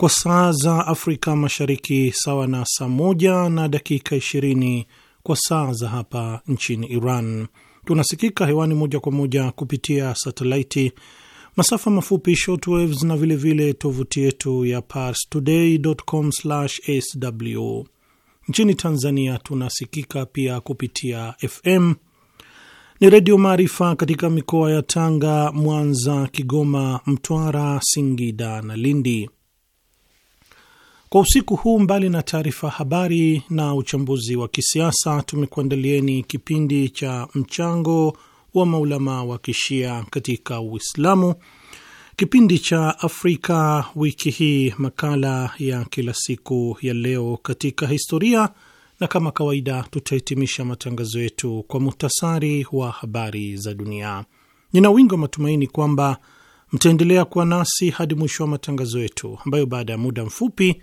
kwa saa za Afrika Mashariki, sawa na saa moja na dakika 20 kwa saa za hapa nchini Iran. Tunasikika hewani moja kwa moja kupitia satelaiti, masafa mafupi shortwaves, na vilevile tovuti yetu ya com sw Nchini Tanzania tunasikika pia kupitia FM ni Redio Maarifa katika mikoa ya Tanga, Mwanza, Kigoma, Mtwara, Singida na Lindi. Kwa usiku huu, mbali na taarifa habari na uchambuzi wa kisiasa, tumekuandalieni kipindi cha mchango wa maulama wa kishia katika Uislamu, kipindi cha Afrika wiki hii, makala ya kila siku ya leo katika historia, na kama kawaida tutahitimisha matangazo yetu kwa muhtasari wa habari za dunia. Nina wingi wa matumaini kwamba mtaendelea kuwa nasi hadi mwisho wa matangazo yetu ambayo baada ya muda mfupi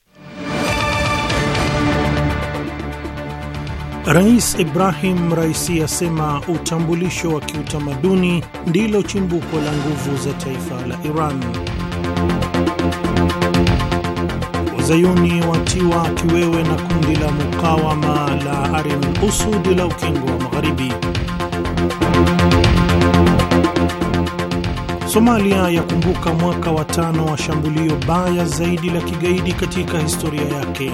Rais Ibrahim Raisi asema utambulisho wa kiutamaduni ndilo chimbuko la nguvu za taifa la Iran. Wazayuni watiwa kiwewe na kundi la mukawama la Arim Usud la ukingo wa Magharibi. Somalia yakumbuka mwaka wa tano wa shambulio baya zaidi la kigaidi katika historia yake.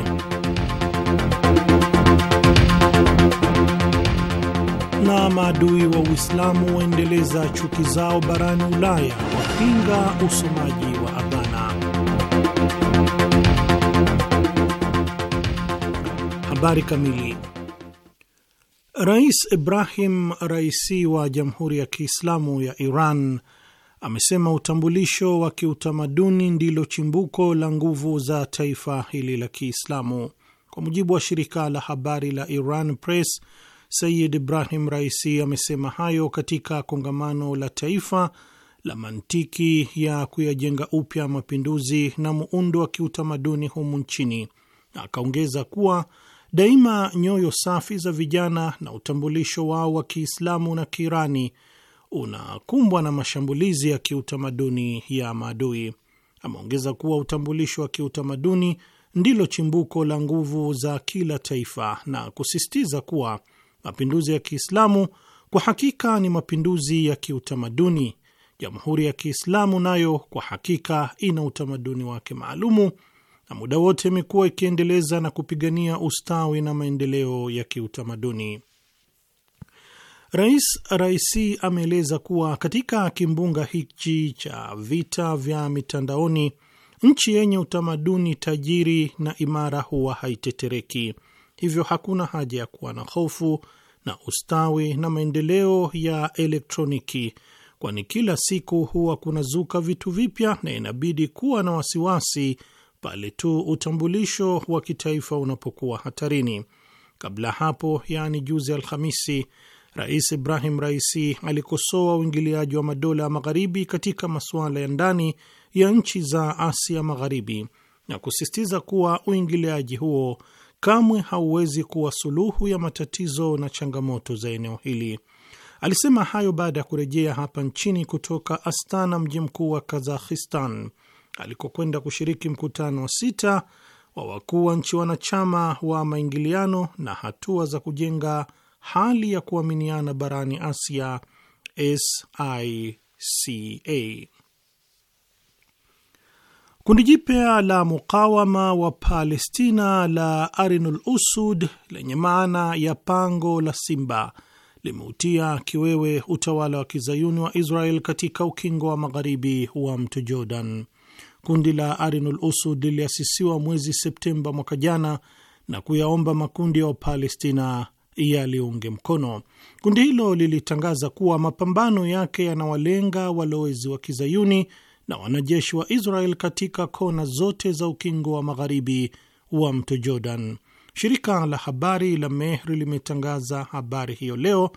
na maadui wa Uislamu waendeleza chuki zao barani Ulaya, wapinga usomaji wa Adhana. Habari kamili. Rais Ibrahim Raisi wa Jamhuri ya Kiislamu ya Iran amesema utambulisho wa kiutamaduni ndilo chimbuko la nguvu za taifa hili la Kiislamu. Kwa mujibu wa shirika la habari la Iran Press, Sayid Ibrahim Raisi amesema hayo katika kongamano la taifa la mantiki ya kuyajenga upya mapinduzi na muundo wa kiutamaduni humu nchini, na akaongeza kuwa daima nyoyo safi za vijana na utambulisho wao wa Kiislamu na Kiirani unakumbwa na mashambulizi ya kiutamaduni ya maadui. Ameongeza kuwa utambulisho wa kiutamaduni ndilo chimbuko la nguvu za kila taifa na kusisitiza kuwa Mapinduzi ya Kiislamu kwa hakika ni mapinduzi ya kiutamaduni. Jamhuri ya Kiislamu nayo kwa hakika ina utamaduni wake maalumu, na muda wote imekuwa ikiendeleza na kupigania ustawi na maendeleo ya kiutamaduni. Rais Raisi ameeleza kuwa katika kimbunga hichi cha vita vya mitandaoni, nchi yenye utamaduni tajiri na imara huwa haitetereki, hivyo hakuna haja ya kuwa na hofu na ustawi na maendeleo ya elektroniki, kwani kila siku huwa kunazuka vitu vipya na inabidi kuwa na wasiwasi pale tu utambulisho wa kitaifa unapokuwa hatarini. Kabla hapo, yaani juzi Alhamisi, Rais Ibrahim Raisi alikosoa uingiliaji wa madola ya magharibi katika masuala ya ndani ya nchi za Asia Magharibi na kusisitiza kuwa uingiliaji huo kamwe hauwezi kuwa suluhu ya matatizo na changamoto za eneo hili. Alisema hayo baada ya kurejea hapa nchini kutoka Astana, mji mkuu wa kazakhistan alikokwenda kushiriki mkutano wa sita wa wakuu wa nchi wanachama wa maingiliano na hatua za kujenga hali ya kuaminiana barani Asia, SICA. Kundi jipya la mukawama wa Palestina la Arinul Usud lenye maana ya pango la simba limeutia kiwewe utawala wa kizayuni wa Israel katika ukingo wa magharibi wa mto Jordan. Kundi la Arinul Usud liliasisiwa mwezi Septemba mwaka jana na kuyaomba makundi ya Wapalestina yaliunge mkono. Kundi hilo lilitangaza kuwa mapambano yake yanawalenga walowezi wa kizayuni na wanajeshi wa Israel katika kona zote za ukingo wa magharibi wa mto Jordan. Shirika la habari la Mehr limetangaza habari hiyo leo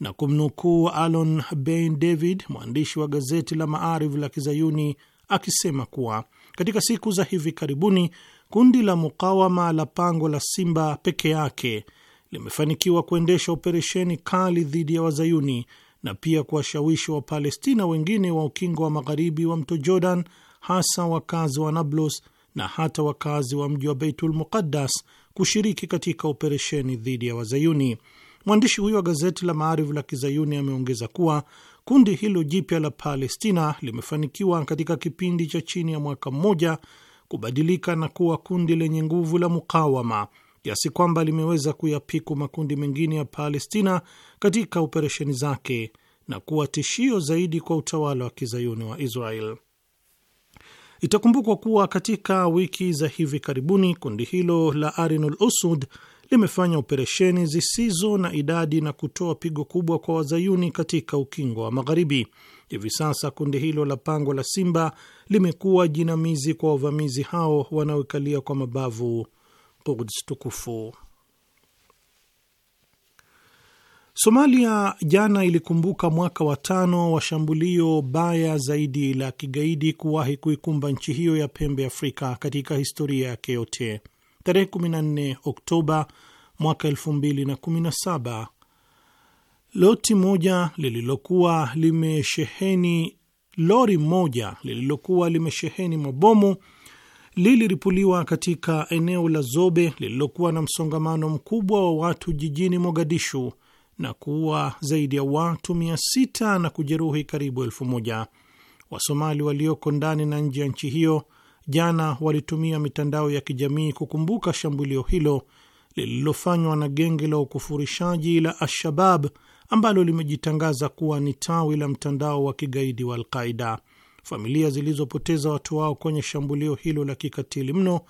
na kumnukuu Alon Ben David, mwandishi wa gazeti la Maariv la Kizayuni, akisema kuwa katika siku za hivi karibuni kundi la mukawama la pango la Simba peke yake limefanikiwa kuendesha operesheni kali dhidi ya Wazayuni na pia kuwashawishi Wapalestina wengine wa ukingo wa magharibi wa mto Jordan, hasa wakazi wa Nablus na hata wakazi wa mji wa Beitul Muqaddas kushiriki katika operesheni dhidi ya Wazayuni. Mwandishi huyo wa gazeti la maarifu la kizayuni ameongeza kuwa kundi hilo jipya la Palestina limefanikiwa katika kipindi cha chini ya mwaka mmoja kubadilika na kuwa kundi lenye nguvu la mukawama kiasi kwamba limeweza kuyapiku makundi mengine ya Palestina katika operesheni zake na kuwa tishio zaidi kwa utawala wa kizayuni wa Israel. Itakumbukwa kuwa katika wiki za hivi karibuni kundi hilo la Arinul Usud limefanya operesheni zisizo na idadi na kutoa pigo kubwa kwa wazayuni katika ukingo wa Magharibi. Hivi sasa kundi hilo la pango la Simba limekuwa jinamizi kwa wavamizi hao wanaoikalia kwa mabavu Quds tukufu. Somalia jana ilikumbuka mwaka wa tano wa shambulio baya zaidi la kigaidi kuwahi kuikumba nchi hiyo ya pembe Afrika katika historia yake yote. Tarehe 14 Oktoba mwaka 2017 loti moja lililokuwa limesheheni lori moja lililokuwa limesheheni mabomu liliripuliwa katika eneo la Zobe lililokuwa na msongamano mkubwa wa watu jijini Mogadishu na kuua zaidi ya watu mia sita na kujeruhi karibu elfu moja. Wasomali walioko ndani na nje ya nchi hiyo jana walitumia mitandao ya kijamii kukumbuka shambulio hilo lililofanywa na genge la ukufurishaji la al-shabab ambalo limejitangaza kuwa ni tawi la mtandao wa kigaidi wa Alqaida. Familia zilizopoteza watu wao kwenye shambulio hilo la kikatili mno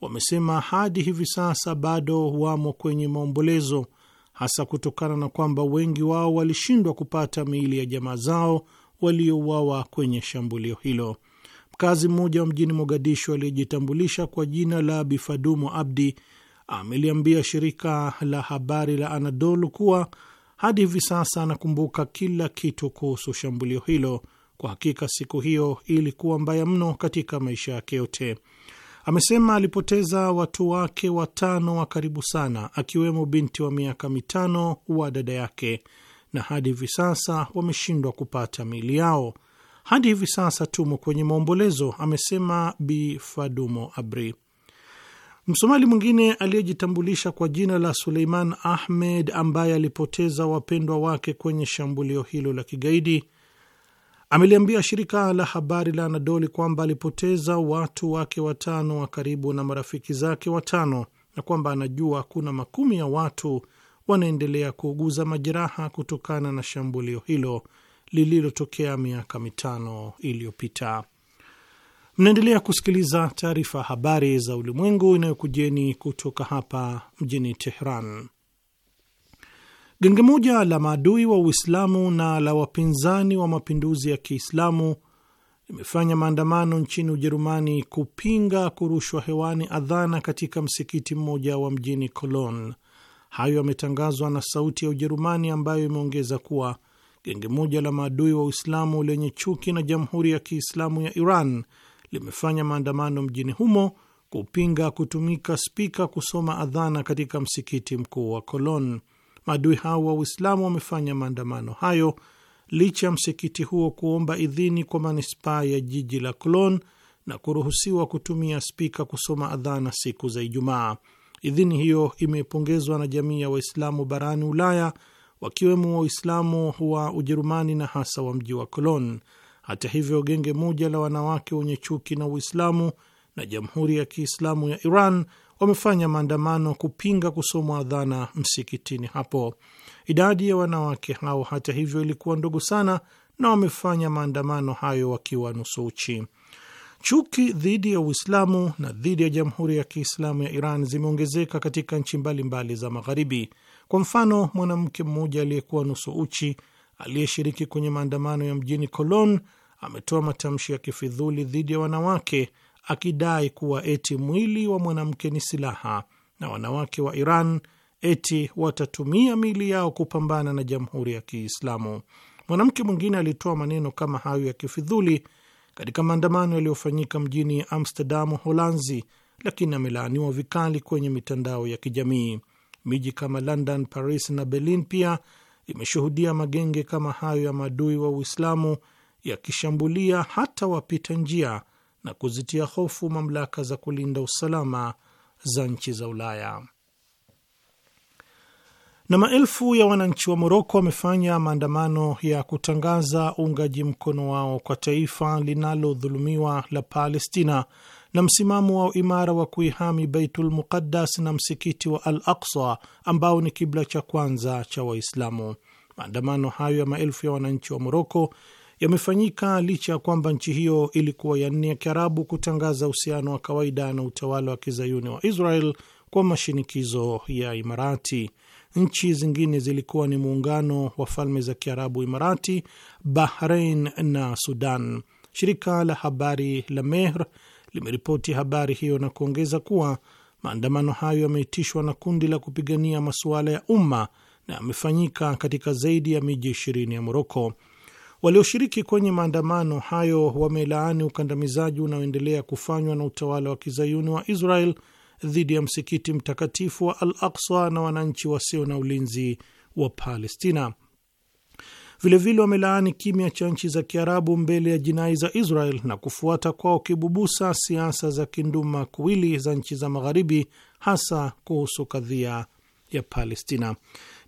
wamesema hadi hivi sasa bado wamo kwenye maombolezo, hasa kutokana na kwamba wengi wao walishindwa kupata miili ya jamaa zao waliouawa kwenye shambulio hilo. Mkazi mmoja wa mjini Mogadishu aliyejitambulisha kwa jina la Bifadumo Abdi ameliambia shirika la habari la Anadolu kuwa hadi hivi sasa anakumbuka kila kitu kuhusu shambulio hilo kwa hakika siku hiyo ilikuwa mbaya mno katika maisha yake yote. Amesema alipoteza watu wake watano wa karibu sana, akiwemo binti wa miaka mitano wa dada yake, na hadi hivi sasa wameshindwa kupata miili yao. Hadi hivi sasa tumo kwenye maombolezo, amesema Bi Fadumo Abri. Msomali mwingine aliyejitambulisha kwa jina la Suleiman Ahmed, ambaye alipoteza wapendwa wake kwenye shambulio hilo la kigaidi ameliambia shirika la habari la Anadoli kwamba alipoteza watu wake watano wa karibu na marafiki zake watano na kwamba anajua kuna makumi ya watu wanaendelea kuuguza majeraha kutokana na shambulio hilo lililotokea miaka mitano iliyopita. Mnaendelea kusikiliza taarifa habari za ulimwengu inayokujeni kutoka hapa mjini Tehran. Genge moja la maadui wa Uislamu na la wapinzani wa mapinduzi ya Kiislamu limefanya maandamano nchini Ujerumani kupinga kurushwa hewani adhana katika msikiti mmoja wa mjini Cologne. Hayo yametangazwa na Sauti ya Ujerumani, ambayo imeongeza kuwa genge moja la maadui wa Uislamu lenye chuki na Jamhuri ya Kiislamu ya Iran limefanya maandamano mjini humo kupinga kutumika spika kusoma adhana katika msikiti mkuu wa Cologne. Maadui hao wa Uislamu wamefanya maandamano hayo licha ya msikiti huo kuomba idhini kwa manispaa ya jiji la Cologne na kuruhusiwa kutumia spika kusoma adhana siku za Ijumaa. Idhini hiyo imepongezwa na jamii ya Waislamu barani Ulaya, wakiwemo Waislamu wa Ujerumani na hasa wa mji wa Cologne. Hata hivyo, genge moja la wanawake wenye chuki na Uislamu na Jamhuri ya Kiislamu ya Iran wamefanya maandamano kupinga kusomwa adhana msikitini hapo. Idadi ya wanawake hao hata hivyo ilikuwa ndogo sana, na wamefanya maandamano hayo wakiwa nusu uchi. Chuki dhidi ya Uislamu na dhidi ya Jamhuri ya Kiislamu ya Iran zimeongezeka katika nchi mbalimbali za Magharibi. Kwa mfano, mwanamke mmoja aliyekuwa nusu uchi aliyeshiriki kwenye maandamano ya mjini Cologne ametoa matamshi ya kifidhuli dhidi ya wanawake akidai kuwa eti mwili wa mwanamke ni silaha na wanawake wa Iran eti watatumia miili yao kupambana na jamhuri ya Kiislamu. Mwanamke mwingine alitoa maneno kama hayo ya kifidhuli katika maandamano yaliyofanyika mjini Amsterdam, Holanzi, lakini amelaaniwa vikali kwenye mitandao ya kijamii. Miji kama London, Paris na Berlin pia imeshuhudia magenge kama hayo ya maadui wa Uislamu yakishambulia hata wapita njia na kuzitia hofu mamlaka za kulinda usalama za nchi za Ulaya. Na maelfu ya wananchi wa Moroko wamefanya maandamano ya kutangaza uungaji mkono wao kwa taifa linalodhulumiwa la Palestina na msimamo wao imara wa kuihami Baitul Muqaddas na msikiti wa Al Aqsa ambao ni kibla cha kwanza cha Waislamu. Maandamano hayo ya maelfu ya wananchi wa Moroko yamefanyika licha ya kwamba nchi hiyo ilikuwa ya nne ya Kiarabu kutangaza uhusiano wa kawaida na utawala wa kizayuni wa Israel kwa mashinikizo ya Imarati. Nchi zingine zilikuwa ni muungano wa falme za Kiarabu, Imarati, Bahrain na Sudan. Shirika la habari la Mehr limeripoti habari hiyo na kuongeza kuwa maandamano hayo yameitishwa na kundi la kupigania masuala ya umma na yamefanyika katika zaidi ya miji ishirini ya Moroko. Walioshiriki kwenye maandamano hayo wamelaani ukandamizaji unaoendelea kufanywa na utawala wa kizayuni wa Israel dhidi ya msikiti mtakatifu wa Al Aksa na wananchi wasio na ulinzi wa Palestina. Vilevile wamelaani kimya cha nchi za Kiarabu mbele ya jinai za Israel na kufuata kwao kibubusa siasa za kinduma kuwili za nchi za Magharibi, hasa kuhusu kadhia ya Palestina.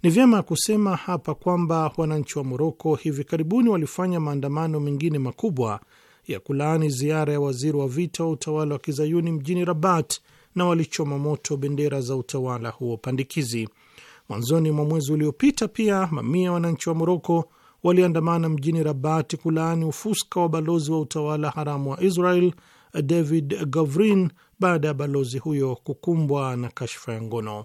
Ni vyema kusema hapa kwamba wananchi wa Moroko hivi karibuni walifanya maandamano mengine makubwa ya kulaani ziara ya waziri wa vita wa utawala wa kizayuni mjini Rabat na walichoma moto bendera za utawala huo pandikizi. Mwanzoni mwa mwezi uliopita pia mamia ya wananchi wa Moroko waliandamana mjini rabat kulaani ufuska wa balozi wa utawala haramu wa Israel David Gavrin baada ya balozi huyo kukumbwa na kashfa ya ngono.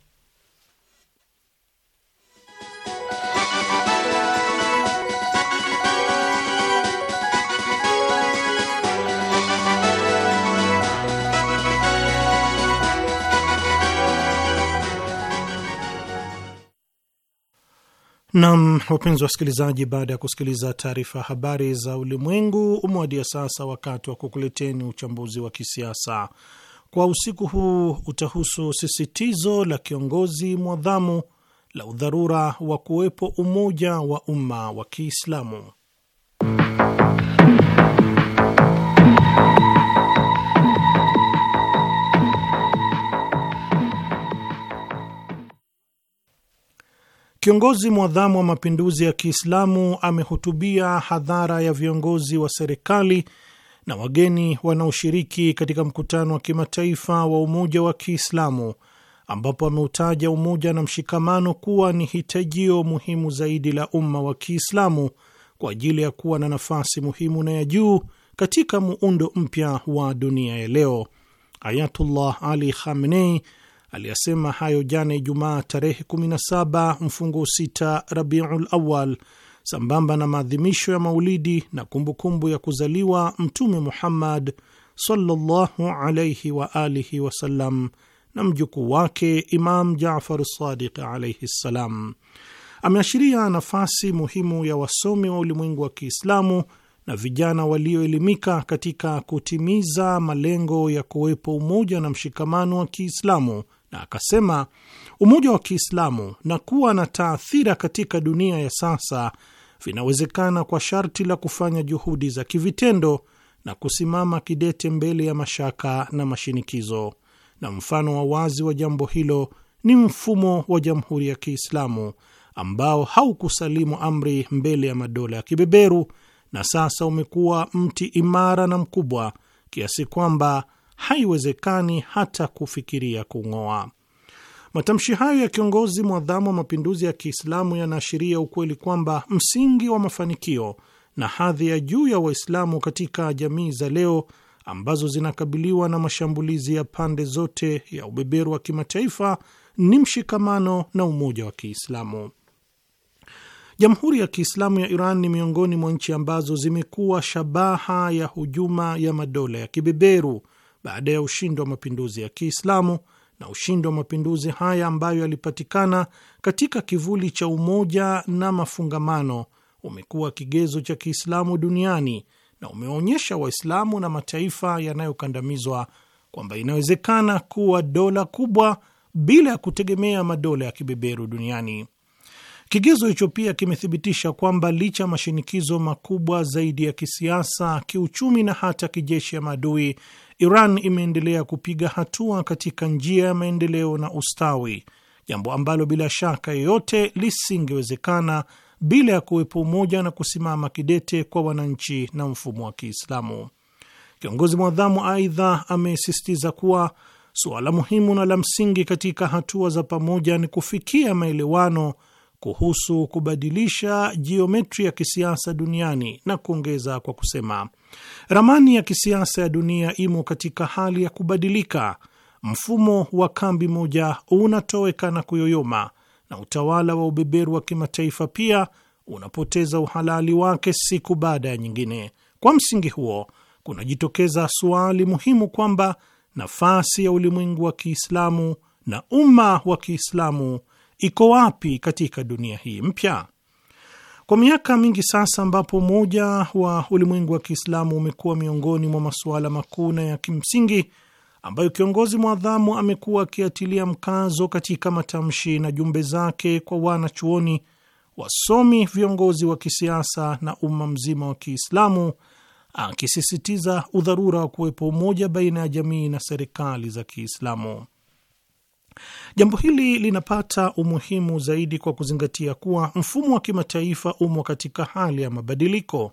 Nam, wapenzi wasikilizaji, baada ya kusikiliza taarifa habari za ulimwengu, umewadia sasa wakati wa kukuleteni uchambuzi wa kisiasa kwa usiku huu. Utahusu sisitizo la kiongozi mwadhamu la udharura wa kuwepo umoja wa umma wa Kiislamu. Kiongozi mwadhamu wa mapinduzi ya Kiislamu amehutubia hadhara ya viongozi wa serikali na wageni wanaoshiriki katika mkutano wa kimataifa wa umoja wa Kiislamu ambapo ameutaja umoja na mshikamano kuwa ni hitajio muhimu zaidi la umma wa Kiislamu kwa ajili ya kuwa na nafasi muhimu na ya juu katika muundo mpya wa dunia ya leo. Ayatullah Ali Khamenei Aliyasema hayo jana Ijumaa tarehe 17 mfungo 6 Rabiul Awal sambamba na maadhimisho ya maulidi na kumbukumbu kumbu ya kuzaliwa Mtume Muhammad sallallahu wa alihi wasallam na mjukuu wake Imam Jafar Sadiq alaihi ssalam. Ameashiria nafasi muhimu ya wasomi wa ulimwengu wa Kiislamu na vijana walioelimika katika kutimiza malengo ya kuwepo umoja na mshikamano wa Kiislamu na akasema umoja wa Kiislamu na kuwa na taathira katika dunia ya sasa vinawezekana kwa sharti la kufanya juhudi za kivitendo na kusimama kidete mbele ya mashaka na mashinikizo, na mfano wa wazi wa jambo hilo ni mfumo wa Jamhuri ya Kiislamu ambao haukusalimu amri mbele ya madola ya kibeberu na sasa umekuwa mti imara na mkubwa kiasi kwamba haiwezekani hata kufikiria kung'oa. Matamshi hayo ya kiongozi mwadhamu wa mapinduzi ya Kiislamu yanaashiria ukweli kwamba msingi wa mafanikio na hadhi ya juu ya Waislamu katika jamii za leo ambazo zinakabiliwa na mashambulizi ya pande zote ya ubeberu wa kimataifa ni mshikamano na umoja wa Kiislamu. Jamhuri ya Kiislamu ya Iran ni miongoni mwa nchi ambazo zimekuwa shabaha ya hujuma ya madola ya kibeberu baada ya ushindi wa mapinduzi ya Kiislamu na ushindi wa mapinduzi haya ambayo yalipatikana katika kivuli cha umoja na mafungamano umekuwa kigezo cha Kiislamu duniani na umeonyesha Waislamu na mataifa yanayokandamizwa kwamba inawezekana kuwa dola kubwa bila ya kutegemea madola ya kibeberu duniani. Kigezo hicho pia kimethibitisha kwamba licha ya mashinikizo makubwa zaidi ya kisiasa, kiuchumi na hata kijeshi ya maadui, Iran imeendelea kupiga hatua katika njia ya maendeleo na ustawi, jambo ambalo bila shaka yoyote lisingewezekana bila ya kuwepo umoja na kusimama kidete kwa wananchi na mfumo wa Kiislamu. Kiongozi mwadhamu aidha amesisitiza kuwa suala muhimu na la msingi katika hatua za pamoja ni kufikia maelewano kuhusu kubadilisha jiometri ya kisiasa duniani na kuongeza kwa kusema, ramani ya kisiasa ya dunia imo katika hali ya kubadilika, mfumo wa kambi moja unatoweka na kuyoyoma, na utawala wa ubeberu wa kimataifa pia unapoteza uhalali wake siku baada ya nyingine. Kwa msingi huo, kunajitokeza suali muhimu kwamba nafasi ya ulimwengu wa Kiislamu na umma wa Kiislamu iko wapi katika dunia hii mpya? Kwa miaka mingi sasa, ambapo umoja wa ulimwengu wa Kiislamu umekuwa miongoni mwa masuala makuu na ya kimsingi ambayo kiongozi mwadhamu amekuwa akiatilia mkazo katika matamshi na jumbe zake kwa wanachuoni, wasomi, viongozi wa kisiasa na umma mzima wa Kiislamu, akisisitiza udharura wa kuwepo umoja baina ya jamii na serikali za Kiislamu. Jambo hili linapata umuhimu zaidi kwa kuzingatia kuwa mfumo wa kimataifa umo katika hali ya mabadiliko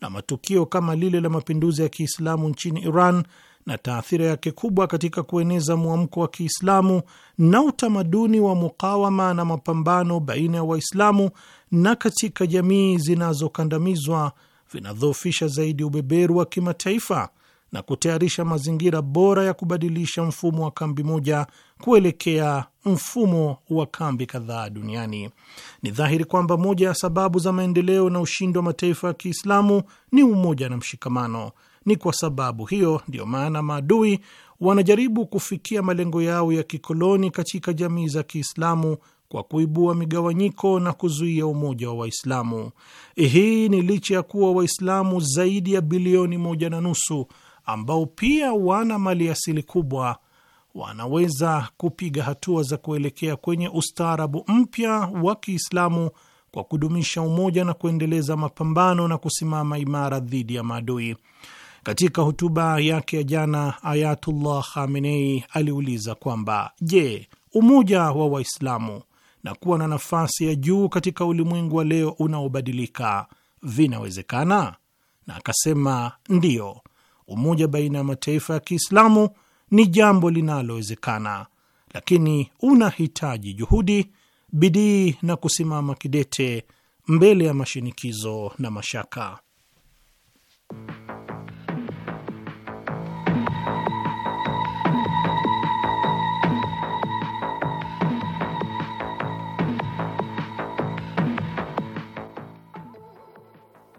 na matukio kama lile la mapinduzi ya Kiislamu nchini Iran na taathira yake kubwa katika kueneza mwamko wa Kiislamu na utamaduni wa mukawama na mapambano baina ya Waislamu na katika jamii zinazokandamizwa vinadhoofisha zaidi ubeberu wa kimataifa na kutayarisha mazingira bora ya kubadilisha mfumo wa kambi moja kuelekea mfumo wa kambi kadhaa duniani. Ni dhahiri kwamba moja ya sababu za maendeleo na ushindi wa mataifa ya Kiislamu ni umoja na mshikamano. Ni kwa sababu hiyo ndiyo maana maadui wanajaribu kufikia malengo yao ya kikoloni katika jamii za Kiislamu kwa kuibua migawanyiko na kuzuia umoja wa Waislamu. Hii ni licha ya kuwa Waislamu zaidi ya bilioni moja na nusu ambao pia wana maliasili kubwa wanaweza kupiga hatua za kuelekea kwenye ustaarabu mpya wa Kiislamu kwa kudumisha umoja na kuendeleza mapambano na kusimama imara dhidi ya maadui. Katika hotuba yake ya jana, Ayatullah Khamenei aliuliza kwamba je, umoja wa Waislamu na kuwa na nafasi ya juu katika ulimwengu wa leo unaobadilika vinawezekana? Na akasema ndiyo, umoja baina ya mataifa ya Kiislamu ni jambo linalowezekana, lakini unahitaji juhudi, bidii na kusimama kidete mbele ya mashinikizo na mashaka.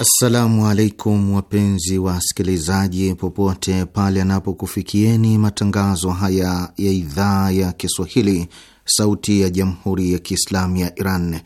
Assalamu alaikum wapenzi wasikilizaji, popote pale anapokufikieni matangazo haya ya idhaa ya Kiswahili, Sauti ya Jamhuri ya Kiislamu ya Iran.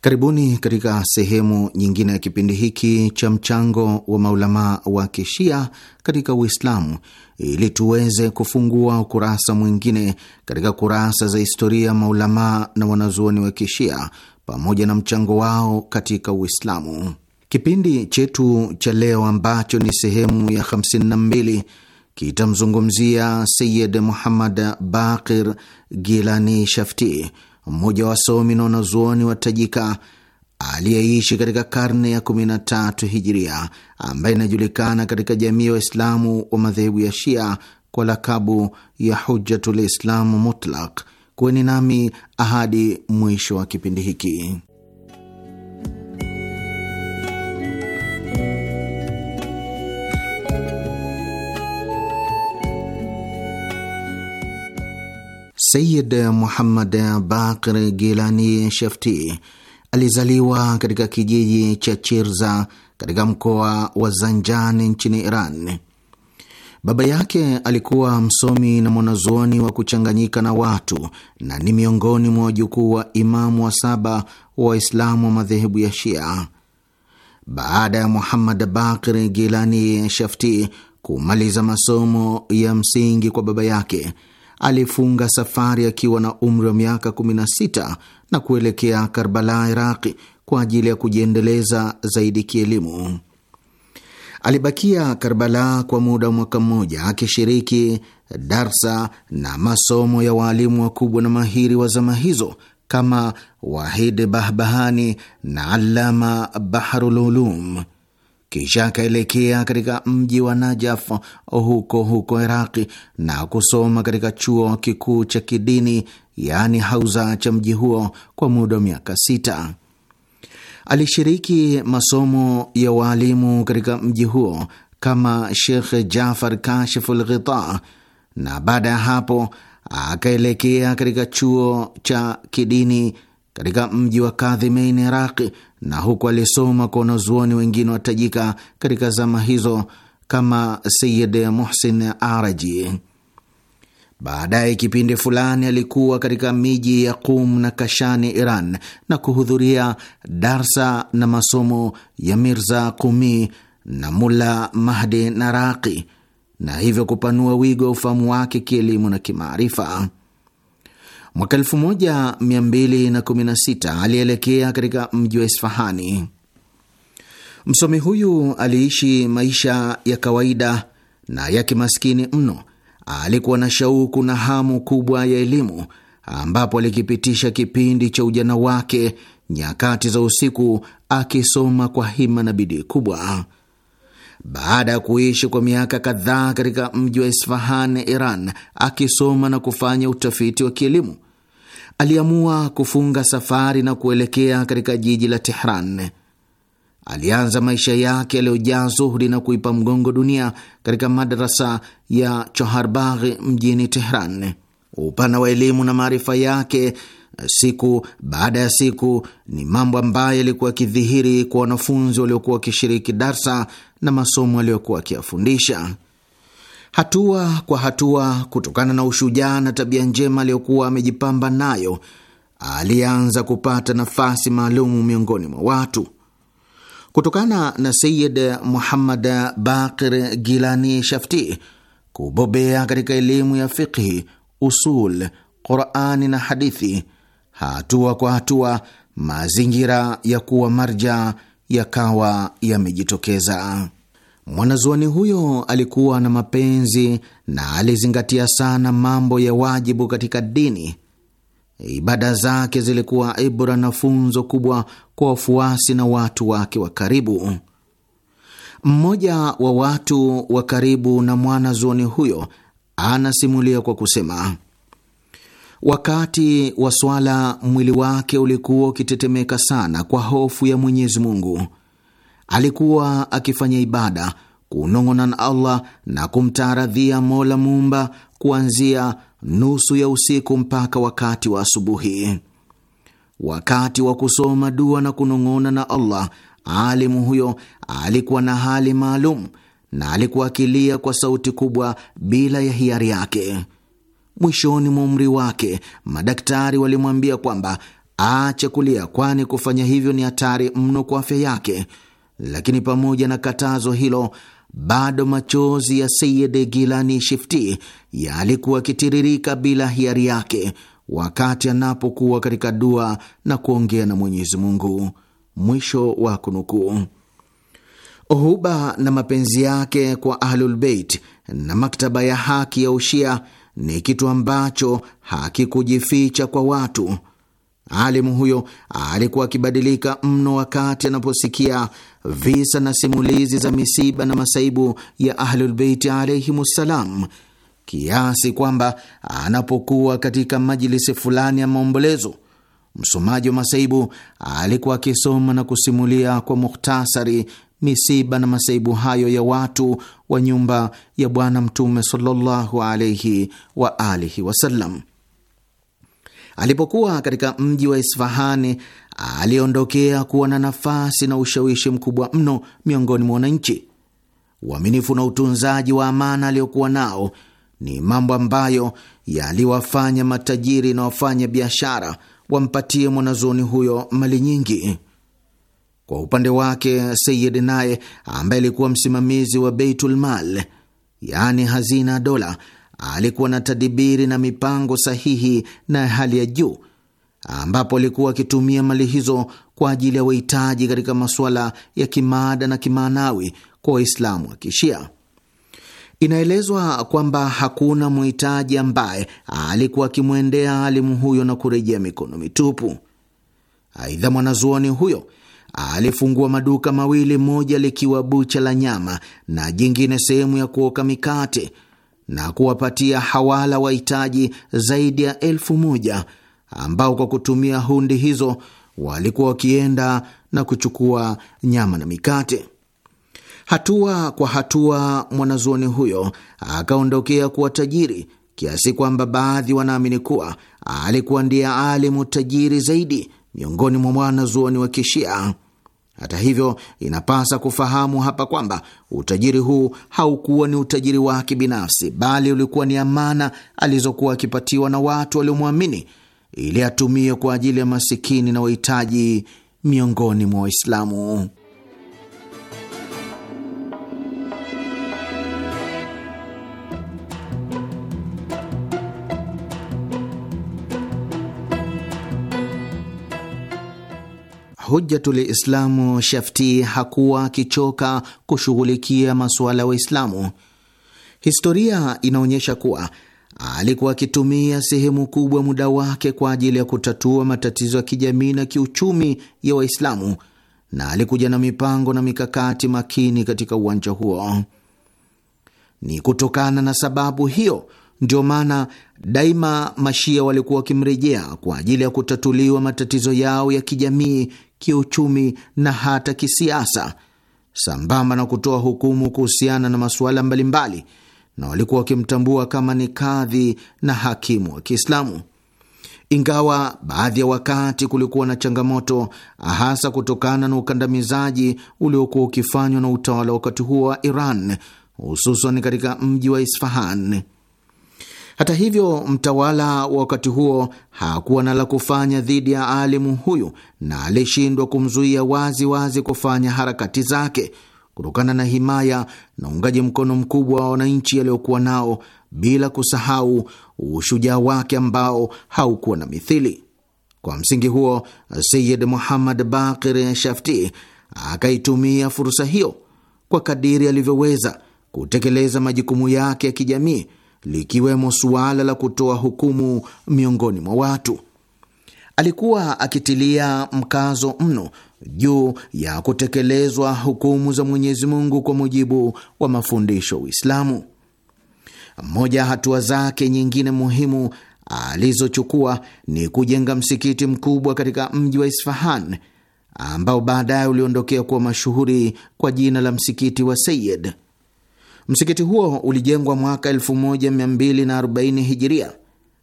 Karibuni katika sehemu nyingine ya kipindi hiki cha mchango wa maulamaa wa kishia katika Uislamu, ili tuweze kufungua ukurasa mwingine katika kurasa za historia maulamaa na wanazuoni wa kishia pamoja na mchango wao katika Uislamu. Kipindi chetu cha leo ambacho ni sehemu ya 52 kitamzungumzia Sayid Muhammad Baqir Gilani Shafti, mmoja wa wasomi na wanazuoni tajika aliyeishi katika karne ya 13 Hijiria, ambaye inajulikana katika jamii ya Waislamu wa madhehebu ya Shia kwa lakabu ya Hujjatul Islamu Mutlaq. Kuweni nami ahadi mwisho wa kipindi hiki. Sayid Muhammad Bakr Gilani Shafti alizaliwa katika kijiji cha Chirza katika mkoa wa Zanjani nchini Iran. Baba yake alikuwa msomi na mwanazuoni wa kuchanganyika na watu na ni miongoni mwa wajukuu wa imamu wa saba wa Waislamu wa madhehebu ya Shia. Baada ya Muhammad Bakr Gilani Shafti kumaliza masomo ya msingi kwa baba yake alifunga safari akiwa na umri wa miaka 16 na kuelekea Karbala, Iraqi, kwa ajili ya kujiendeleza zaidi kielimu. Alibakia Karbala kwa muda wa mwaka mmoja akishiriki darsa na masomo ya waalimu wakubwa na mahiri wa zama hizo kama Wahid Bahbahani na Allama Baharul Ulum kisha akaelekea katika mji wa Najaf huko huko Iraqi na kusoma katika chuo kikuu cha kidini yaani hauza cha mji huo kwa muda wa miaka sita. Alishiriki masomo ya waalimu katika mji huo kama Shekh Jafar Kashif Lghita, na baada ya hapo akaelekea katika chuo cha kidini katika mji wa Kadhimain Iraqi na huku alisoma kwa wanazuoni wengine watajika katika zama hizo kama Sayid Muhsin Araji. Baadaye kipindi fulani alikuwa katika miji ya Qum na Kashani, Iran, na kuhudhuria darsa na masomo ya Mirza Qumi na Mula Mahdi Naraqi, na hivyo kupanua wigo wa ufahamu wake kielimu na kimaarifa. Mwaka 1216 alielekea katika mji wa Isfahani. Msomi huyu aliishi maisha ya kawaida na ya kimaskini mno. Alikuwa na shauku na hamu kubwa ya elimu, ambapo alikipitisha kipindi cha ujana wake nyakati za usiku akisoma kwa hima na bidii kubwa. Baada ya kuishi kwa miaka kadhaa katika mji wa Isfahan, Iran, akisoma na kufanya utafiti wa kielimu, aliamua kufunga safari na kuelekea katika jiji la Tehran. Alianza maisha yake yaliyojaa zuhri na kuipa mgongo dunia katika madarasa ya Chaharbagh mjini Tehran. Upana wa elimu na maarifa yake siku baada ya siku ni mambo ambayo yalikuwa yakidhihiri kwa wanafunzi waliokuwa wakishiriki darsa na masomo aliyokuwa akiyafundisha. Hatua kwa hatua, kutokana na ushujaa na tabia njema aliyokuwa amejipamba nayo, alianza kupata nafasi maalumu miongoni mwa watu. Kutokana na Sayid Muhammad Bakir Gilani Shafti kubobea katika elimu ya fiqhi, usul, Qurani na hadithi, hatua kwa hatua mazingira ya kuwa marja yakawa yamejitokeza. Mwanazuoni huyo alikuwa na mapenzi na alizingatia sana mambo ya wajibu katika dini. Ibada zake zilikuwa ibra na funzo kubwa kwa wafuasi na watu wake wa karibu. Mmoja wa watu wa karibu na mwanazuoni huyo anasimulia kwa kusema, wakati wa swala mwili wake ulikuwa ukitetemeka sana kwa hofu ya Mwenyezi Mungu alikuwa akifanya ibada kunong'ona na Allah na kumtaaradhia Mola Muumba kuanzia nusu ya usiku mpaka wakati wa asubuhi. Wakati wa kusoma dua na kunong'ona na Allah, alimu huyo alikuwa na hali maalum na alikuwa akilia kwa sauti kubwa bila ya hiari yake. Mwishoni mwa umri wake, madaktari walimwambia kwamba aache kulia, kwani kufanya hivyo ni hatari mno kwa afya yake. Lakini pamoja na katazo hilo, bado machozi ya Seyid Gilani Shifti yalikuwa akitiririka bila hiari yake wakati anapokuwa katika dua na kuongea na Mwenyezi Mungu. Mwisho wa kunukuu. Huba na mapenzi yake kwa Ahlulbeit na maktaba ya haki ya Ushia ni kitu ambacho hakikujificha kwa watu. Alimu huyo alikuwa akibadilika mno wakati anaposikia visa na simulizi za misiba na masaibu ya Ahlulbeiti alaihimussalam, kiasi kwamba anapokuwa katika majilisi fulani ya maombolezo, msomaji wa masaibu alikuwa akisoma na kusimulia kwa mukhtasari misiba na masaibu hayo ya watu wa nyumba ya Bwana Mtume sallallahu alaihi wa alihi wasallam. Alipokuwa katika mji wa Isfahani aliondokea kuwa na nafasi na ushawishi mkubwa mno miongoni mwa wananchi. Uaminifu na utunzaji wa amana aliyokuwa nao ni mambo ambayo yaliwafanya matajiri na wafanya biashara wampatie mwanazuoni huyo mali nyingi. Kwa upande wake, Sayid naye ambaye alikuwa msimamizi wa Beitul Mal, yaani hazina ya dola, alikuwa na tadibiri na mipango sahihi na hali ya juu ambapo alikuwa akitumia mali hizo kwa ajili ya wahitaji katika masuala ya kimaada na kimaanawi kwa Waislamu wa Kishia. Inaelezwa kwamba hakuna mhitaji ambaye alikuwa akimwendea alimu huyo na kurejea mikono mitupu. Aidha, mwanazuoni huyo alifungua maduka mawili, moja likiwa bucha la nyama na jingine sehemu ya kuoka mikate na kuwapatia hawala wahitaji zaidi ya elfu moja ambao kwa kutumia hundi hizo walikuwa wakienda na kuchukua nyama na mikate. Hatua kwa hatua, mwanazuoni huyo akaondokea kuwa tajiri kiasi kwamba baadhi wanaamini kuwa alikuwa ndiye alimu tajiri zaidi miongoni mwa mwanazuoni wa Kishia. Hata hivyo, inapasa kufahamu hapa kwamba utajiri huu haukuwa ni utajiri wake binafsi, bali ulikuwa ni amana alizokuwa akipatiwa na watu waliomwamini ili atumie kwa ajili ya masikini na wahitaji miongoni mwa Waislamu. Hujjatul Islamu Shafti hakuwa akichoka kushughulikia masuala ya Waislamu. Historia inaonyesha kuwa alikuwa akitumia sehemu kubwa muda wake kwa ajili ya kutatua matatizo ya kijamii na kiuchumi ya Waislamu, na alikuja na mipango na mikakati makini katika uwanja huo. Ni kutokana na sababu hiyo ndio maana daima Mashia walikuwa wakimrejea kwa ajili ya kutatuliwa matatizo yao ya kijamii, kiuchumi na hata kisiasa, sambamba na kutoa hukumu kuhusiana na masuala mbalimbali na walikuwa wakimtambua kama ni kadhi na hakimu wa Kiislamu, ingawa baadhi ya wakati kulikuwa na changamoto, hasa kutokana na ukandamizaji uliokuwa ukifanywa na utawala wakati huo wa Iran, hususan katika mji wa Isfahan. Hata hivyo, mtawala wa wakati huo hakuwa na la kufanya dhidi ya alimu huyu na alishindwa kumzuia wazi wazi kufanya harakati zake kutokana na himaya na uungaji mkono mkubwa wa wananchi aliokuwa nao, bila kusahau ushujaa wake ambao haukuwa na mithili. Kwa msingi huo, Sayid Muhammad Bakir Shafti akaitumia fursa hiyo kwa kadiri alivyoweza kutekeleza majukumu yake ya kijamii, likiwemo suala la kutoa hukumu miongoni mwa watu. Alikuwa akitilia mkazo mno juu ya kutekelezwa hukumu za Mwenyezi Mungu kwa mujibu wa mafundisho Uislamu. Moja ya hatua zake nyingine muhimu alizochukua ni kujenga msikiti mkubwa katika mji wa Isfahan ambao baadaye uliondokea kuwa mashuhuri kwa jina la msikiti wa Sayid. Msikiti huo ulijengwa mwaka 1240 hijiria,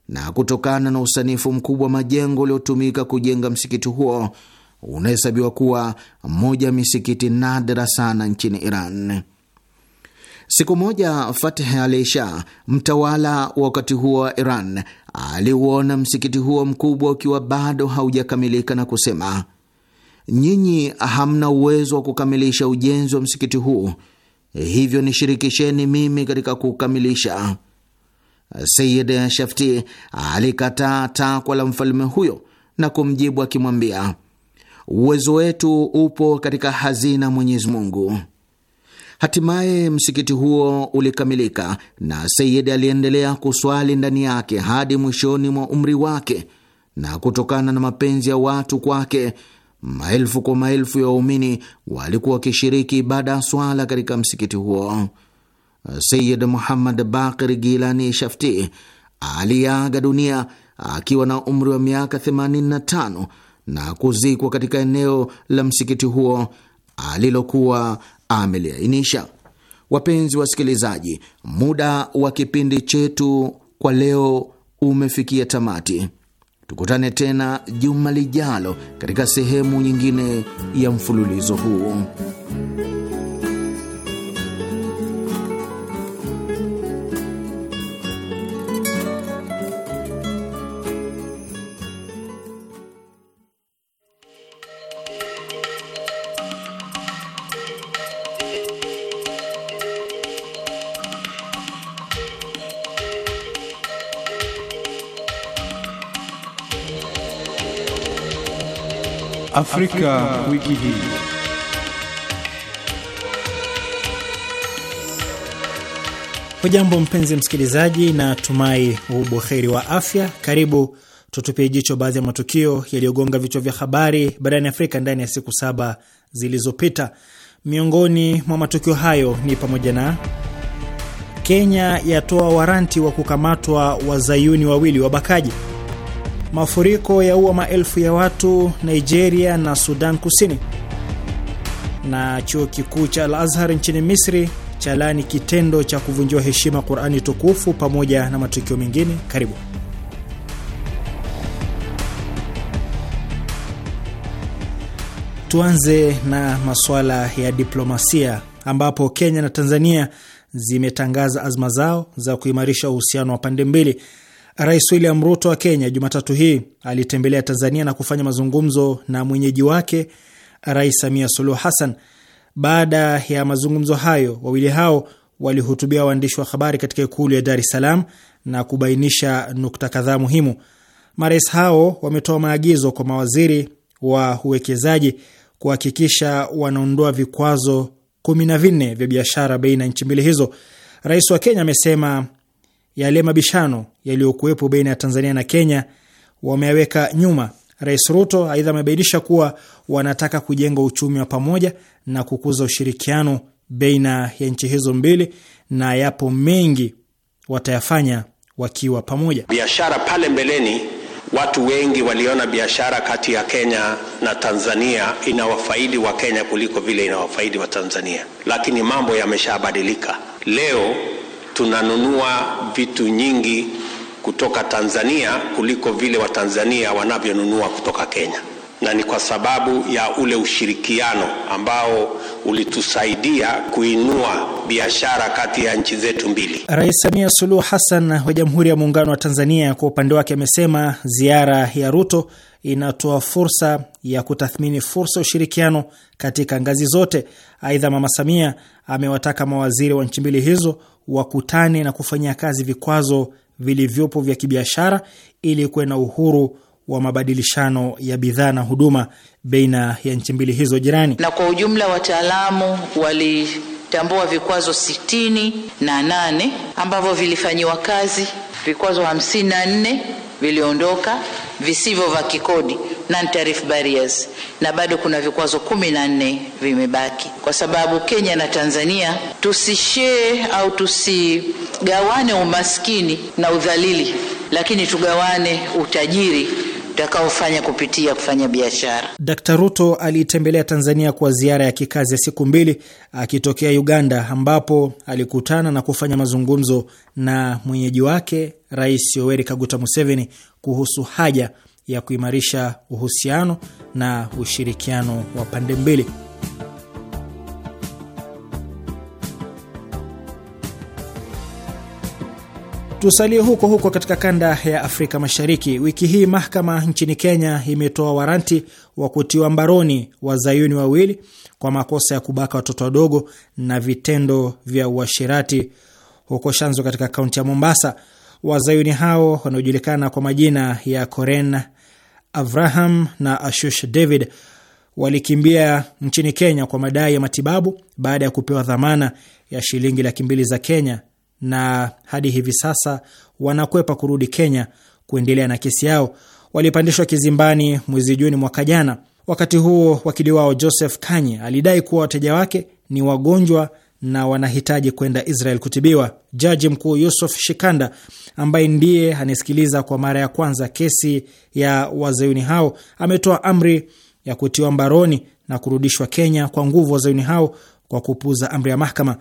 na kutokana na usanifu mkubwa wa majengo uliotumika kujenga msikiti huo unahesabiwa kuwa moja ya misikiti nadra sana nchini Iran. Siku moja Fath Ali Shah, mtawala wa wakati huo wa Iran, aliuona msikiti huo mkubwa ukiwa bado haujakamilika na kusema, nyinyi hamna uwezo wa kukamilisha ujenzi wa msikiti huu, hivyo nishirikisheni mimi katika kukamilisha. Sayid Shafti alikataa takwa la mfalme huyo na kumjibu akimwambia Uwezo wetu upo katika hazina Mwenyezi Mungu. Hatimaye msikiti huo ulikamilika na Sayid aliendelea kuswali ndani yake hadi mwishoni mwa umri wake, na kutokana na mapenzi ya watu kwake, maelfu kwa maelfu ya waumini walikuwa wakishiriki ibada ya swala katika msikiti huo. Sayid Muhammad Bakir Gilani Shafti aliaga dunia akiwa na umri wa miaka 85 na kuzikwa katika eneo la msikiti huo alilokuwa ameliainisha. Wapenzi wasikilizaji, muda wa kipindi chetu kwa leo umefikia tamati. Tukutane tena juma lijalo katika sehemu nyingine ya mfululizo huu. Afrika, wiki hii. Hujambo mpenzi msikilizaji, na tumai ubuheri wa afya. Karibu tutupie jicho baadhi ya matukio yaliyogonga vichwa vya habari barani Afrika ndani ya siku saba zilizopita. Miongoni mwa matukio hayo ni pamoja na Kenya yatoa waranti wa kukamatwa wazayuni wawili wabakaji Mafuriko yaua maelfu ya watu Nigeria na Sudan Kusini, na chuo kikuu cha Al Azhar nchini Misri chalani kitendo cha kuvunjiwa heshima Qur'ani tukufu, pamoja na matukio mengine. Karibu. Tuanze na masuala ya diplomasia ambapo Kenya na Tanzania zimetangaza azma zao za kuimarisha uhusiano wa pande mbili. Rais William Ruto wa Kenya Jumatatu hii alitembelea Tanzania na kufanya mazungumzo na mwenyeji wake Rais Samia Suluhu Hassan. Baada ya mazungumzo hayo, wawili hao walihutubia waandishi wa habari katika ikulu ya Dar es Salaam na kubainisha nukta kadhaa muhimu. Marais hao wametoa maagizo kwa mawaziri wa uwekezaji kuhakikisha wanaondoa vikwazo kumi na vinne vya biashara baina ya nchi mbili hizo. Rais wa Kenya amesema yale mabishano yaliyokuwepo baina ya Tanzania na Kenya wameyaweka nyuma. Rais Ruto aidha amebainisha kuwa wanataka kujenga uchumi wa pamoja na kukuza ushirikiano baina ya nchi hizo mbili, na yapo mengi watayafanya wakiwa pamoja. Biashara pale mbeleni, watu wengi waliona biashara kati ya Kenya na Tanzania inawafaidi wa Kenya kuliko vile inawafaidi wa Tanzania, lakini mambo yameshabadilika leo tunanunua vitu nyingi kutoka Tanzania kuliko vile Watanzania wanavyonunua kutoka Kenya, na ni kwa sababu ya ule ushirikiano ambao ulitusaidia kuinua biashara kati ya nchi zetu mbili. Rais Samia Suluhu Hassan wa Jamhuri ya Muungano wa Tanzania kwa upande wake amesema ziara ya Ruto inatoa fursa ya kutathmini fursa ya ushirikiano katika ngazi zote. Aidha, Mama Samia amewataka mawaziri wa nchi mbili hizo wakutane na kufanyia kazi vikwazo vilivyopo vya kibiashara ili kuwe na uhuru wa mabadilishano ya bidhaa na huduma baina ya nchi mbili hizo jirani. Na kwa ujumla wataalamu walitambua vikwazo sitini na nane ambavyo vilifanyiwa kazi, vikwazo hamsini na nne viliondoka, visivyo vya kikodi non tariff barriers, na bado kuna vikwazo kumi na nne vimebaki, kwa sababu Kenya na Tanzania tusishee au tusigawane umaskini na udhalili, lakini tugawane utajiri utakaofanya kupitia kufanya biashara. Dkt. Ruto aliitembelea Tanzania kwa ziara ya kikazi ya siku mbili akitokea Uganda, ambapo alikutana na kufanya mazungumzo na mwenyeji wake Rais Yoweri Kaguta Museveni kuhusu haja ya kuimarisha uhusiano na ushirikiano wa pande mbili. Tusalie huko huko katika kanda ya Afrika Mashariki. Wiki hii mahakama nchini Kenya imetoa waranti wa kutiwa mbaroni wazayuni wawili kwa makosa ya kubaka watoto wadogo na vitendo vya uashirati huko Shanzu katika kaunti ya Mombasa. Wazayuni hao wanaojulikana kwa majina ya Koren Avraham na Ashush David walikimbia nchini Kenya kwa madai ya matibabu baada ya kupewa dhamana ya shilingi laki mbili za Kenya na hadi hivi sasa wanakwepa kurudi Kenya kuendelea na kesi yao. Walipandishwa kizimbani mwezi Juni mwaka jana. Wakati huo wakili wao Joseph Kanye alidai kuwa wateja wake ni wagonjwa na wanahitaji kwenda Israel kutibiwa. Jaji mkuu Yusuf Shikanda, ambaye ndiye anasikiliza kwa mara ya kwanza kesi ya wazayuni hao, ametoa amri ya kutiwa mbaroni na kurudishwa Kenya kwa nguvu wazayuni hao kwa kupuza amri ya mahakama.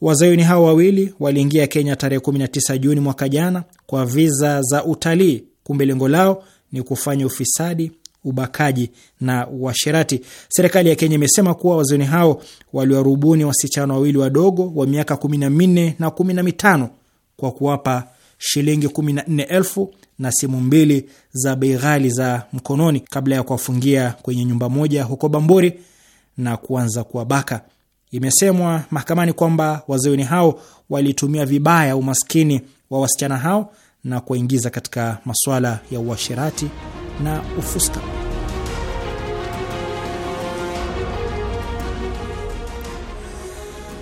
Wazayuni hao wawili waliingia Kenya tarehe 19 Juni mwaka jana kwa viza za utalii, kumbe lengo lao ni kufanya ufisadi, ubakaji na uasherati. Serikali ya Kenya imesema kuwa wazayuni hao waliwarubuni wasichana wawili wadogo wa miaka 14 na 15 kwa kuwapa shilingi 14,000 na simu mbili za bei ghali za mkononi kabla ya kuwafungia kwenye nyumba moja huko Bamburi na kuanza kuwabaka. Imesemwa mahakamani kwamba wazayuni hao walitumia vibaya umaskini wa wasichana hao na kuwaingiza katika masuala ya uasherati na ufuska.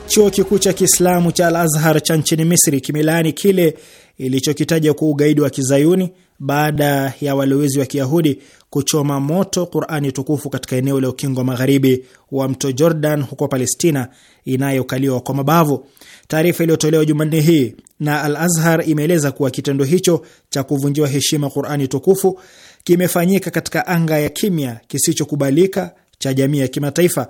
Chuo kikuu cha Kiislamu cha Al Azhar cha nchini Misri kimelaani kile ilichokitaja kwa ugaidi wa kizayuni baada ya walowezi wa Kiyahudi kuchoma moto Qurani tukufu katika eneo la ukingo wa magharibi wa mto Jordan huko Palestina inayokaliwa kwa mabavu. Taarifa iliyotolewa Jumanne hii na Al Azhar imeeleza kuwa kitendo hicho cha kuvunjiwa heshima Qurani tukufu kimefanyika katika anga ya kimya kisichokubalika cha jamii ya kimataifa.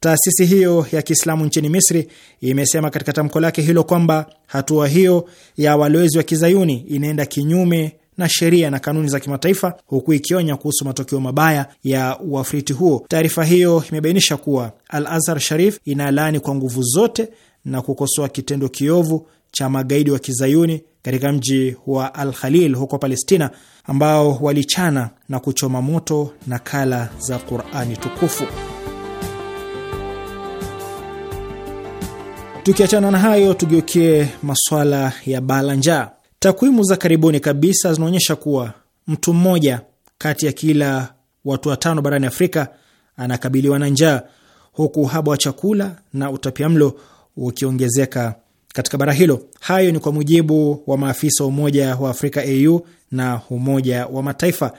Taasisi hiyo ya Kiislamu nchini Misri imesema katika tamko lake hilo kwamba hatua hiyo ya walowezi wa kizayuni inaenda kinyume na sheria na kanuni za kimataifa, huku ikionya kuhusu matokeo mabaya ya uafriti huo. Taarifa hiyo imebainisha kuwa Al Azhar Sharif inalaani kwa nguvu zote na kukosoa kitendo kiovu cha magaidi wa kizayuni katika mji wa Al Khalil huko Palestina, ambao walichana na kuchoma moto nakala za Qurani tukufu. Tukiachana na hayo, tugeukie maswala ya baa njaa. Takwimu za karibuni kabisa zinaonyesha kuwa mtu mmoja kati ya kila watu watano barani Afrika anakabiliwa na njaa, huku uhaba wa chakula na utapiamlo ukiongezeka katika bara hilo. Hayo ni kwa mujibu wa maafisa wa Umoja wa Afrika au na Umoja wa Mataifa.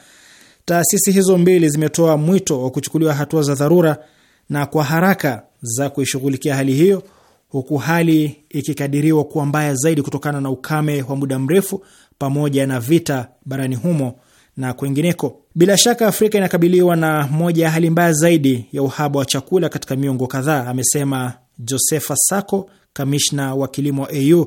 Taasisi hizo mbili zimetoa mwito wa kuchukuliwa hatua za dharura na kwa haraka za kuishughulikia hali hiyo huku hali ikikadiriwa kuwa mbaya zaidi kutokana na ukame wa muda mrefu pamoja na vita barani humo na kwengineko. Bila shaka, Afrika inakabiliwa na moja ya hali mbaya zaidi ya uhaba wa chakula katika miongo kadhaa, amesema Josepha Sako, kamishna wa kilimo wa AU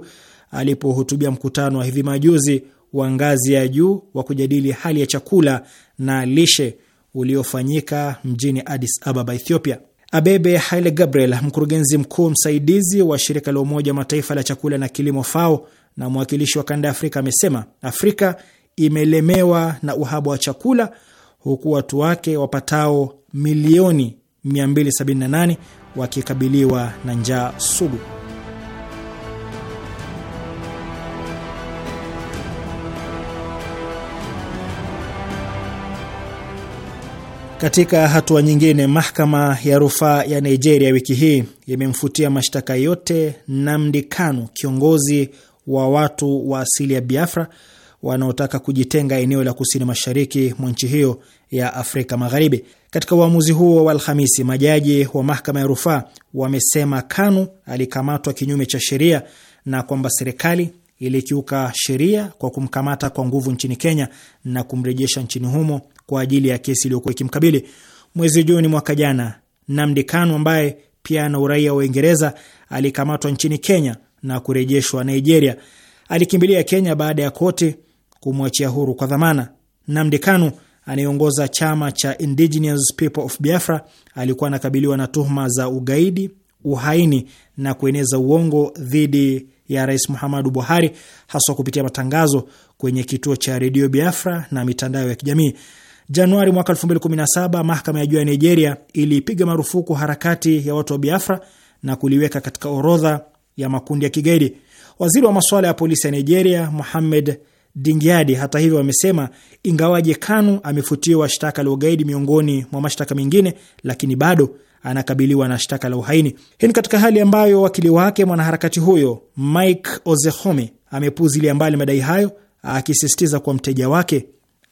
alipohutubia mkutano wa hivi majuzi wa ngazi ya juu wa kujadili hali ya chakula na lishe uliofanyika mjini Addis Ababa, Ethiopia. Abebe Haile Gabriel, mkurugenzi mkuu msaidizi wa shirika la Umoja wa Mataifa la chakula na kilimo FAO na mwakilishi wa kanda ya Afrika, amesema Afrika imelemewa na uhaba wa chakula huku watu wake wapatao milioni 278 wakikabiliwa na njaa sugu. Katika hatua nyingine, mahakama ya rufaa ya Nigeria wiki hii imemfutia mashtaka yote Namdi Kanu, kiongozi wa watu wa asili ya Biafra wanaotaka kujitenga eneo la kusini mashariki mwa nchi hiyo ya Afrika Magharibi. Katika uamuzi huo wa Alhamisi, majaji wa mahakama ya rufaa wamesema Kanu alikamatwa kinyume cha sheria na kwamba serikali ilikiuka sheria kwa kumkamata kwa nguvu nchini Kenya na kumrejesha nchini humo kwa ajili ya kesi iliyokuwa ikimkabili. Mwezi Juni mwaka jana, Namdi Kanu ambaye pia ana uraia wa Uingereza alikamatwa nchini Kenya na kurejeshwa Nigeria. Alikimbilia Kenya baada ya koti kumwachia huru kwa dhamana. Namdi Kanu anayeongoza chama cha Indigenous People of Biafra alikuwa anakabiliwa na tuhuma za ugaidi, uhaini na kueneza uongo dhidi ya Rais Muhammadu Buhari, haswa kupitia matangazo kwenye kituo cha redio Biafra na mitandao ya kijamii. Januari mwaka 2017 mahakama ya juu ya Nigeria iliipiga marufuku harakati ya watu wa Biafra na kuliweka katika orodha ya makundi ya kigaidi. Waziri wa masuala ya polisi ya Nigeria Muhammad Dingiadi hata hivyo wamesema ingawaje Kanu amefutiwa shtaka la ugaidi miongoni mwa mashtaka mengine, lakini bado anakabiliwa na shtaka la uhaini. Hii ni katika hali ambayo wakili wake mwanaharakati huyo Mike ozehome amepuzilia mbali madai hayo, akisisitiza kuwa mteja wake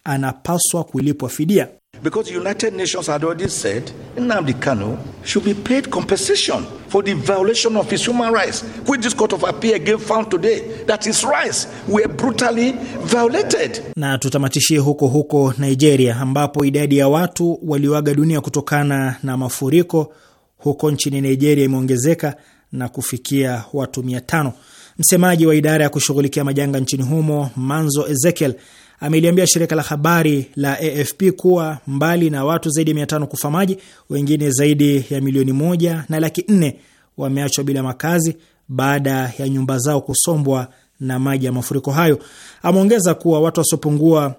anapaswa kulipwa fidia. Because United Nations had already said Nnamdi Kanu should be paid compensation for the violation of his human rights, which this court of appeal again found today that his rights were brutally violated. Na tutamatishie huko huko Nigeria, ambapo idadi ya watu walioaga dunia kutokana na mafuriko huko nchini Nigeria imeongezeka na kufikia watu mia tano. Msemaji wa idara ya kushughulikia majanga nchini humo Manzo Ezekiel ameliambia shirika la habari la AFP kuwa mbali na watu zaidi ya mia tano kufa maji, wengine zaidi ya milioni moja na laki nne wameachwa bila makazi baada ya nyumba zao kusombwa na maji ya mafuriko hayo. Ameongeza kuwa watu wasiopungua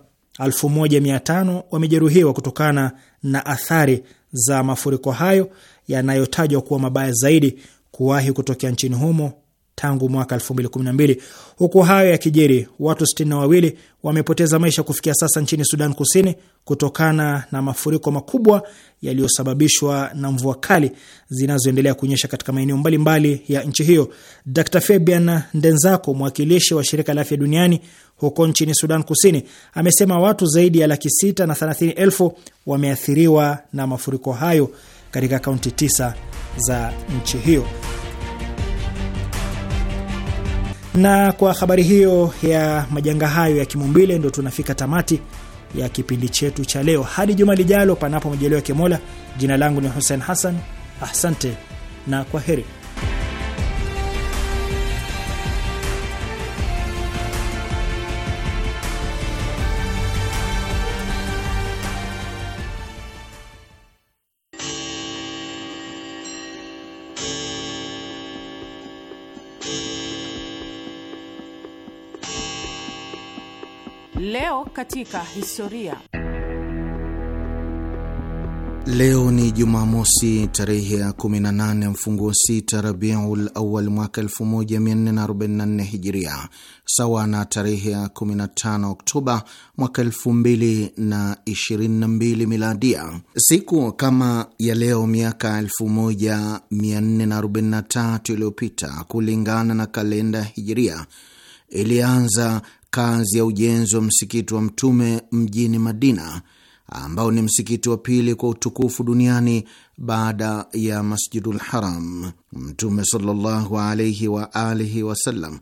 tano wamejeruhiwa kutokana na athari za mafuriko hayo yanayotajwa kuwa mabaya zaidi kuwahi kutokea nchini humo tangu mwaka 2012. Huku hayo ya kijeri, watu 62 wamepoteza maisha kufikia sasa nchini Sudan Kusini kutokana na mafuriko makubwa yaliyosababishwa na mvua kali zinazoendelea kunyesha katika maeneo mbalimbali ya nchi hiyo. Dr Fabian Ndenzako, mwakilishi wa shirika la afya duniani huko nchini Sudan Kusini, amesema watu zaidi ya laki sita na thelathini elfu wameathiriwa na mafuriko hayo katika kaunti tisa za nchi hiyo. Na kwa habari hiyo ya majanga hayo ya kimumbile, ndo tunafika tamati ya kipindi chetu cha leo. Hadi juma lijalo, panapo majaliwa ya Mola. Jina langu ni Hussein Hassan, asante na kwa heri. Leo katika historia. Leo ni Jumamosi tarehe ya 18 mfunguo sita Rabiul Awal mwaka 1444 Hijiria, sawa na tarehe ya 15 Oktoba mwaka 2022 Miladia. Siku kama ya leo miaka 1443 iliyopita kulingana na kalenda Hijiria ilianza kazi ya ujenzi wa msikiti wa Mtume mjini Madina, ambao ni msikiti wa pili kwa utukufu duniani baada ya Masjidul Haram. Mtume sallallahu alaihi wa alihi wasallam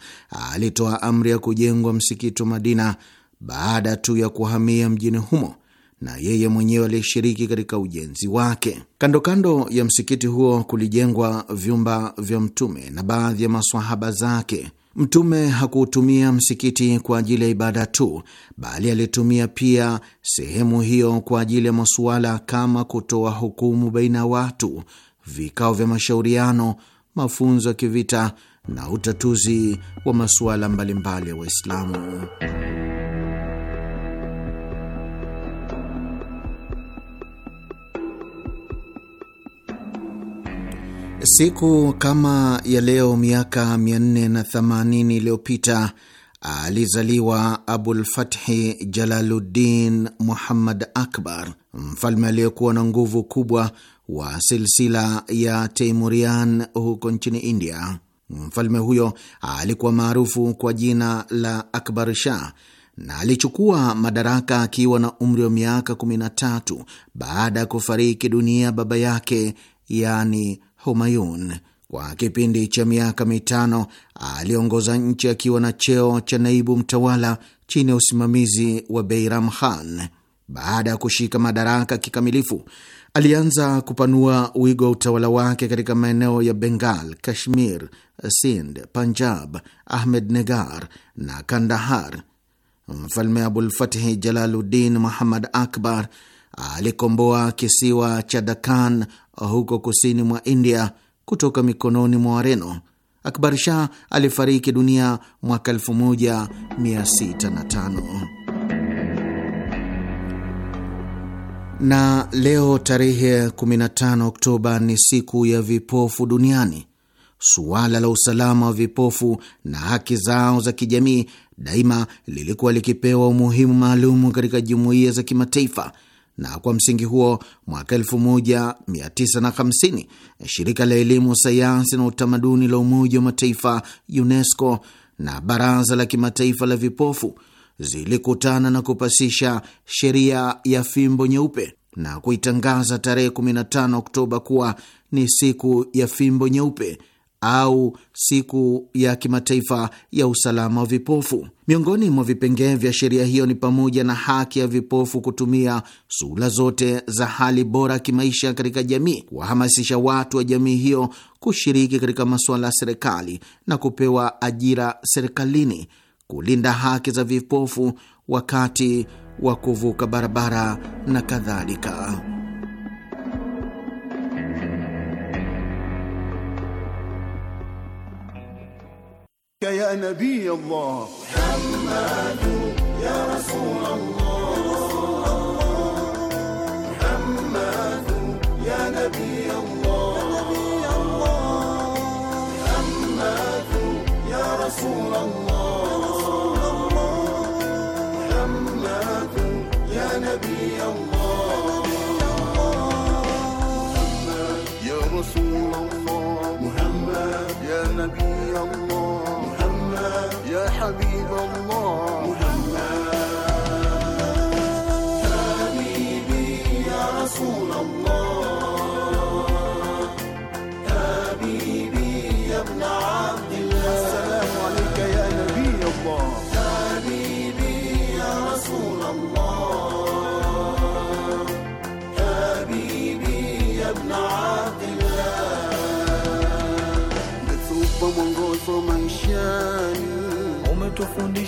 alitoa amri ya kujengwa msikiti wa Madina baada tu ya kuhamia mjini humo na yeye mwenyewe alishiriki katika ujenzi wake. Kando kando ya msikiti huo kulijengwa vyumba vya Mtume na baadhi ya maswahaba zake. Mtume hakuutumia msikiti kwa ajili ya ibada tu, bali alitumia pia sehemu hiyo kwa ajili ya masuala kama kutoa hukumu baina ya watu, vikao vya mashauriano, mafunzo ya kivita na utatuzi wa masuala mbalimbali ya Waislamu. Siku kama ya leo miaka 480 iliyopita alizaliwa Abulfathi Jalaluddin Muhammad Akbar, mfalme aliyekuwa na nguvu kubwa wa silsila ya Teimurian huko nchini India. Mfalme huyo alikuwa maarufu kwa jina la Akbar Shah na alichukua madaraka akiwa na umri wa miaka 13 baada ya kufariki dunia baba yake, yani Humayun. Kwa kipindi cha miaka mitano aliongoza nchi akiwa na cheo cha naibu mtawala chini ya usimamizi wa Beiram Khan. Baada ya kushika madaraka kikamilifu, alianza kupanua wigo wa utawala wake katika maeneo ya Bengal, Kashmir, Sind, Punjab, Ahmed Negar na Kandahar. Mfalme Abulfatihi Jalaluddin Muhammad Akbar alikomboa kisiwa cha Dakan huko kusini mwa India kutoka mikononi mwa Wareno. Akbar Shah alifariki dunia mwaka 1605 na leo tarehe 15 Oktoba ni siku ya vipofu duniani. Suala la usalama wa vipofu na haki zao za kijamii daima lilikuwa likipewa umuhimu maalum katika jumuiya za kimataifa na kwa msingi huo mwaka 1950 shirika la elimu, sayansi na utamaduni la Umoja wa Mataifa UNESCO na Baraza la Kimataifa la Vipofu zilikutana na kupasisha sheria ya fimbo nyeupe na kuitangaza tarehe 15 Oktoba kuwa ni siku ya fimbo nyeupe au siku ya kimataifa ya usalama wa vipofu. Miongoni mwa vipengee vya sheria hiyo ni pamoja na haki ya vipofu kutumia suhula zote za hali bora kimaisha katika jamii, kuwahamasisha watu wa jamii hiyo kushiriki katika masuala ya serikali na kupewa ajira serikalini, kulinda haki za vipofu wakati wa kuvuka barabara na kadhalika. يا نبي الله محمد يا رسول الله محمد يا نبي الله الله محمد يا رسول الله محمد يا نبي الله محمد يا رسول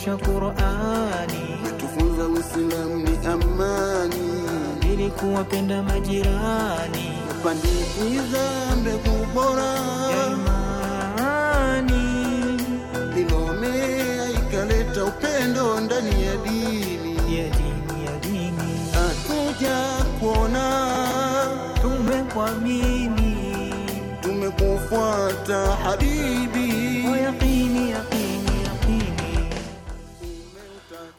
kufundisha Qurani, tufunza Uislamu ni amani, ili kuwapenda majirani, kupandikiza mbegu bora ya imani, ilomea ikaleta upendo ndani ya dini ya dini ya dini, atuja kuona tumekuamini, tumekufuata habibi, kwa yaqini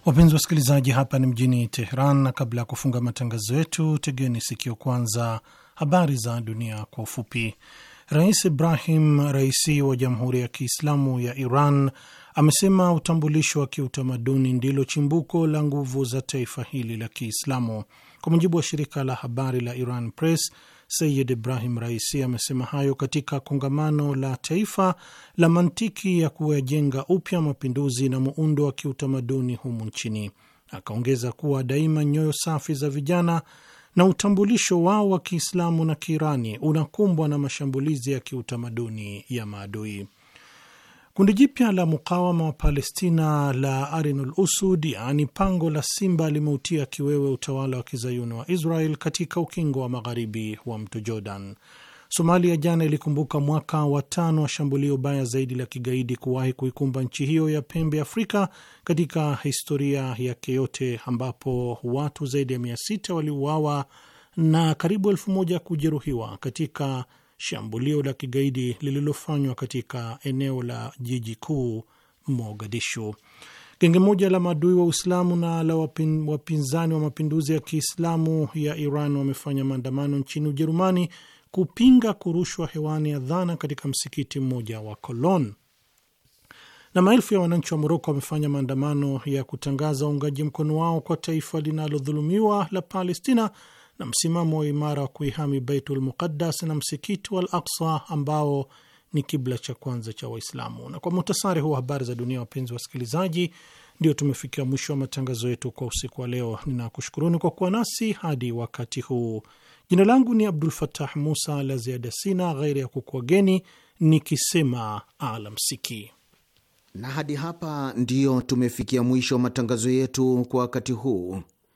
Wapenzi wasikilizaji, hapa ni mjini Teheran, na kabla ya kufunga matangazo yetu, tegeni sikio kwanza habari za dunia kwa ufupi. Rais Ibrahim Raisi wa Jamhuri ya Kiislamu ya Iran amesema utambulisho wa kiutamaduni ndilo chimbuko la nguvu za taifa hili la Kiislamu. Kwa mujibu wa shirika la habari la Iran Press, Sayid Ibrahim Raisi amesema hayo katika kongamano la taifa la mantiki ya kuyajenga upya mapinduzi na muundo wa kiutamaduni humu nchini. Akaongeza kuwa daima nyoyo safi za vijana na utambulisho wao wa Kiislamu na Kiirani unakumbwa na mashambulizi ya kiutamaduni ya maadui. Kundi jipya la mukawama wa Palestina la Arinul Usud, yaani pango la simba, limeutia kiwewe utawala wa kizayuni wa Israel katika ukingo wa magharibi wa mto Jordan. Somalia jana ilikumbuka mwaka wa tano wa shambulio baya zaidi la kigaidi kuwahi kuikumba nchi hiyo ya pembe Afrika katika historia yake yote, ambapo watu zaidi ya mia sita waliuawa na karibu elfu moja kujeruhiwa katika shambulio la kigaidi lililofanywa katika eneo la jiji kuu Mogadishu. Genge moja la maadui wa Uislamu na la wapin, wapinzani wa mapinduzi ya Kiislamu ya Iran wamefanya maandamano nchini Ujerumani kupinga kurushwa hewani ya dhana katika msikiti mmoja wa Cologne na maelfu ya wananchi wa Moroko wamefanya maandamano ya kutangaza uungaji mkono wao kwa taifa linalodhulumiwa la Palestina na msimamo wa imara wa kuihami Baitul Muqaddas na msikiti wa Al Aksa ambao ni kibla cha kwanza cha Waislamu. Na kwa muhtasari huu habari za dunia, wapenzi wasikilizaji, ndio tumefikia mwisho wa matangazo yetu kwa usiku wa leo. Ninakushukuruni kwa kuwa nasi hadi wakati huu. Jina langu ni Abdul Fatah Musa. La ziada sina ghairi ya kukuageni nikisema alamsiki, na hadi hapa ndiyo tumefikia mwisho wa matangazo yetu kwa wakati huu.